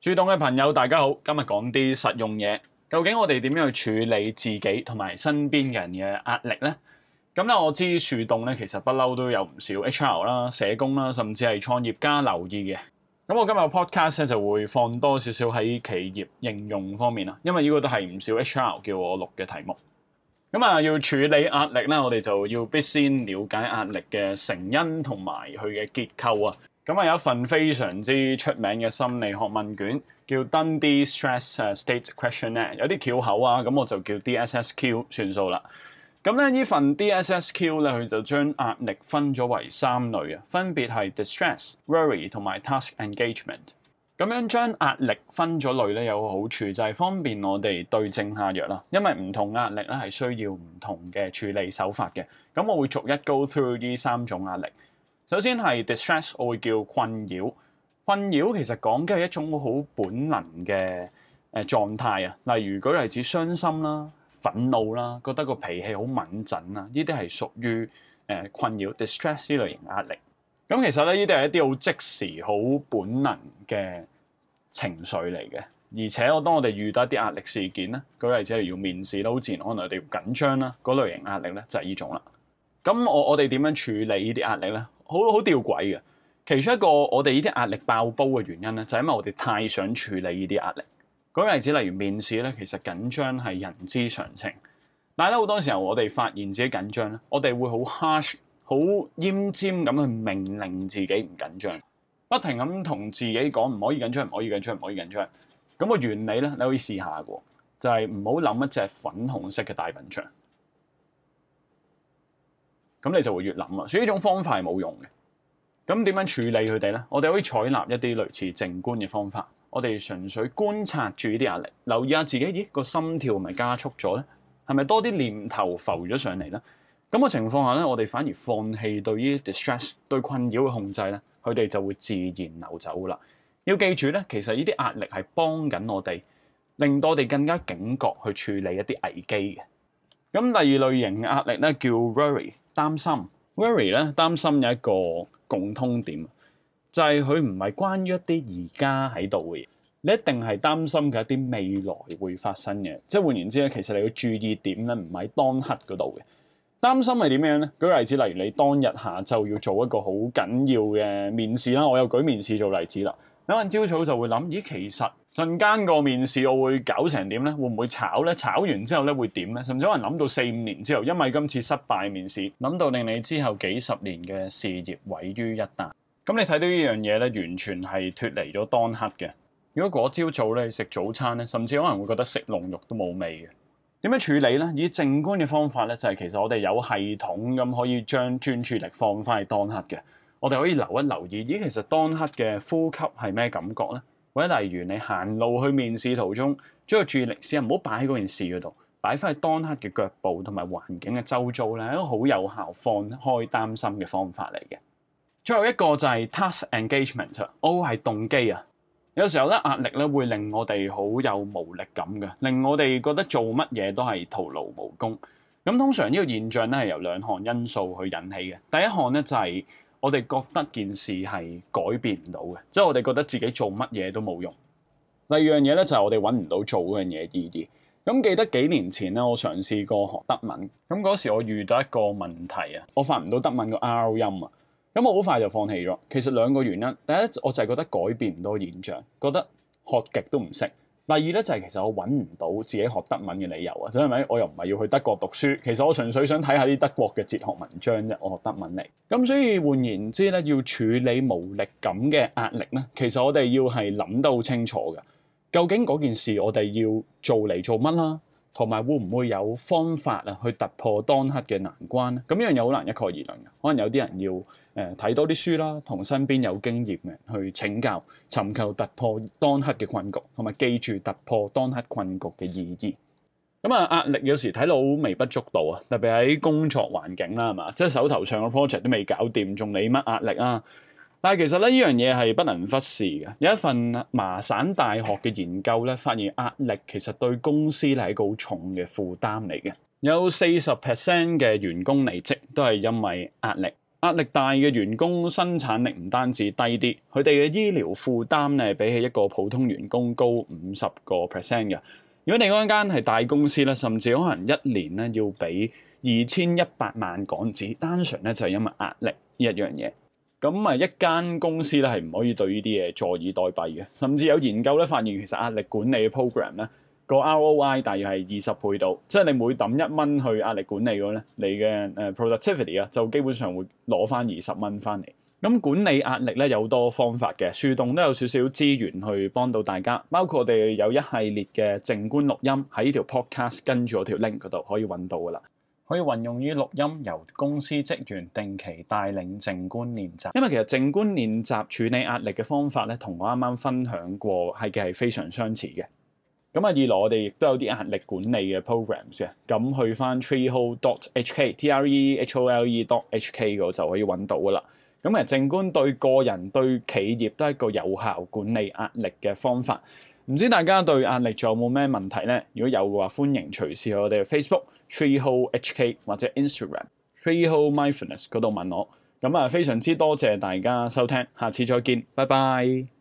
樹洞嘅朋友，大家好！今日講啲實用嘢，究竟我哋點樣去處理自己同埋身邊人嘅壓力呢？咁咧，我知樹洞咧，其實不嬲都有唔少 HR 啦、社工啦，甚至係創業家留意嘅。咁我今日 podcast 咧就會放多少少喺企業應用方面啊，因為呢個都係唔少 HR 叫我錄嘅題目。咁啊，要處理壓力咧，我哋就要必先了解壓力嘅成因同埋佢嘅結構啊。.咁啊，有一份非常之出名嘅心理學問卷，叫 Dundee Stress State Questionnaire，有啲翹口啊，咁我就叫 DSSQ 算數啦。咁咧，呢份 DSSQ 咧，佢就將壓力分咗為三類啊，分別係 distress、worry 同埋 task engagement。咁樣將壓力分咗類咧，有個好處就係方便我哋對症下藥啦，因為唔同壓力咧係需要唔同嘅處理手法嘅。咁我會逐一 go through 呢三種壓力。首先係 distress，我會叫困擾。困擾其實講嘅係一種好本能嘅誒狀態啊。例如舉例子，傷心啦、憤怒啦，覺得個脾氣好敏感啊，呢啲係屬於誒困擾 distress 呢類型壓力。咁其實咧，呢啲係一啲好即時、好本能嘅情緒嚟嘅。而且我當我哋遇到一啲壓力事件咧，舉例子係要面試啦，好自然，可能我哋要緊張啦，嗰類型壓力咧就係呢種啦。咁我我哋點樣處理呢啲壓力咧？好好吊詭嘅，其中一個我哋呢啲壓力爆煲嘅原因咧，就係、是、因為我哋太想處理呢啲壓力。舉個例子例如面試咧，其實緊張係人之常情，但係咧好多時候我哋發現自己緊張咧，我哋會好 harsh 好奄尖咁去命令自己唔緊張，不停咁同自己講唔可以緊張、唔可以緊張、唔可以緊張。咁、那個原理咧，你可以試下嘅，就係唔好諗一隻粉紅色嘅大笨象。咁你就會越諗啦，所以呢種方法係冇用嘅。咁點樣處理佢哋咧？我哋可以採納一啲類似靜觀嘅方法，我哋純粹觀察住呢啲壓力，留意下自己，咦個心跳係咪加速咗咧？係咪多啲念頭浮咗上嚟咧？咁嘅情況下咧，我哋反而放棄對於 distress 對困擾嘅控制咧，佢哋就會自然流走噶啦。要記住咧，其實呢啲壓力係幫緊我哋，令到我哋更加警覺去處理一啲危機嘅。咁第二類型嘅壓力咧，叫 worry，擔心。worry 咧，擔心有一個共通點，就係佢唔係關於一啲而家喺度嘅嘢，你一定係擔心嘅一啲未來會發生嘅。即係換言之咧，其實你要注意點咧，唔喺當刻嗰度嘅。擔心係點樣呢？舉個例子，例如你當日下晝要做一個好緊要嘅面試啦，我又舉面試做例子啦。有人朝早就會諗，「咦，其實陣間個面試我會搞成點呢？會唔會炒呢？炒完之後呢會點呢？」甚至有人諗到四五年之後，因為今次失敗面試，諗到令你之後幾十年嘅事業毀於一旦。咁你睇到呢樣嘢呢，完全係脱離咗當刻嘅。如果嗰朝早呢食早餐呢，甚至可能會覺得食龍肉都冇味嘅。點樣處理咧？以靜觀嘅方法咧，就係其實我哋有系統咁可以將專注力放翻去當刻嘅，我哋可以留一留意咦，其實當刻嘅呼吸係咩感覺咧？或者例如你行路去面試途中，只要注意力先唔好擺喺嗰件事嗰度，擺翻去當刻嘅腳步同埋環境嘅周遭咧，都好有效放開擔心嘅方法嚟嘅。最後一個就係 Task Engagement，o、oh, 係動機啊。有時候咧，壓力咧會令我哋好有無力感嘅，令我哋覺得做乜嘢都係徒勞無功。咁通常呢個現象咧係由兩項因素去引起嘅。第一項咧就係我哋覺得件事係改變唔到嘅，即係我哋覺得自己做乜嘢都冇用。第二樣嘢咧就係我哋揾唔到做嗰樣嘢意義。咁記得幾年前咧，我嘗試過學德文，咁嗰時我遇到一個問題啊，我發唔到德文個 R 音啊。咁我好快就放棄咗。其實兩個原因，第一我就係覺得改變唔到現象，覺得學極都唔識。第二咧就係、是、其實我揾唔到自己學德文嘅理由啊，真係咪？我又唔係要去德國讀書。其實我純粹想睇下啲德國嘅哲學文章啫。我學德文嚟，咁所以換言之咧，要處理無力感嘅壓力咧，其實我哋要係諗得好清楚嘅，究竟嗰件事我哋要做嚟做乜啦？同埋會唔會有方法啊，去突破當刻嘅難關咧？咁呢樣嘢好難一概而論嘅，可能有啲人要誒睇、呃、多啲書啦，同身邊有經驗嘅去請教，尋求突破當刻嘅困局，同埋記住突破當刻困局嘅意義。咁啊，壓力有時睇到微不足道啊，特別喺工作環境啦，係嘛？即係手頭上嘅 project 都未搞掂，仲理乜壓力啊？但係其實咧，依樣嘢係不能忽視嘅。有一份麻省大學嘅研究咧，發現壓力其實對公司係一個好重嘅負擔嚟嘅。有四十 percent 嘅員工離職都係因為壓力。壓力大嘅員工生產力唔單止低啲，佢哋嘅醫療負擔咧，比起一個普通員工高五十個 percent 嘅。如果你嗰間係大公司咧，甚至可能一年咧要俾二千一百萬港紙，單純咧就係因為壓力一樣嘢。咁咪一間公司咧係唔可以對呢啲嘢坐以待斃嘅，甚至有研究咧發現，其實壓力管理 program 咧個 ROI 大約係二十倍度。即係你每抌一蚊去壓力管理嘅咧，你嘅誒 productivity 啊，就基本上會攞翻二十蚊翻嚟。咁管理壓力咧有多方法嘅，樹洞都有少少資源去幫到大家，包括我哋有一系列嘅靜觀錄音喺呢條 podcast，跟住我條 link 嗰度可以揾到噶啦。可以運用於錄音，由公司職員定期帶領靜觀練習。因為其實靜觀練習處理壓力嘅方法咧，同我啱啱分享過係嘅係非常相似嘅。咁啊，二來我哋亦都有啲壓力管理嘅 programs 嘅，咁去翻 treehole.hk、t r e h o l e.hk 嗰就可以揾到噶啦。咁啊，靜觀對個人對企業都係一個有效管理壓力嘅方法。唔知大家對壓力仲有冇咩問題呢？如果有嘅話，歡迎隨時去我哋嘅 Facebook Treehole HK 或者 Instagram Treehole Mindfulness 嗰度問我。咁啊，非常之多謝大家收聽，下次再見，拜拜。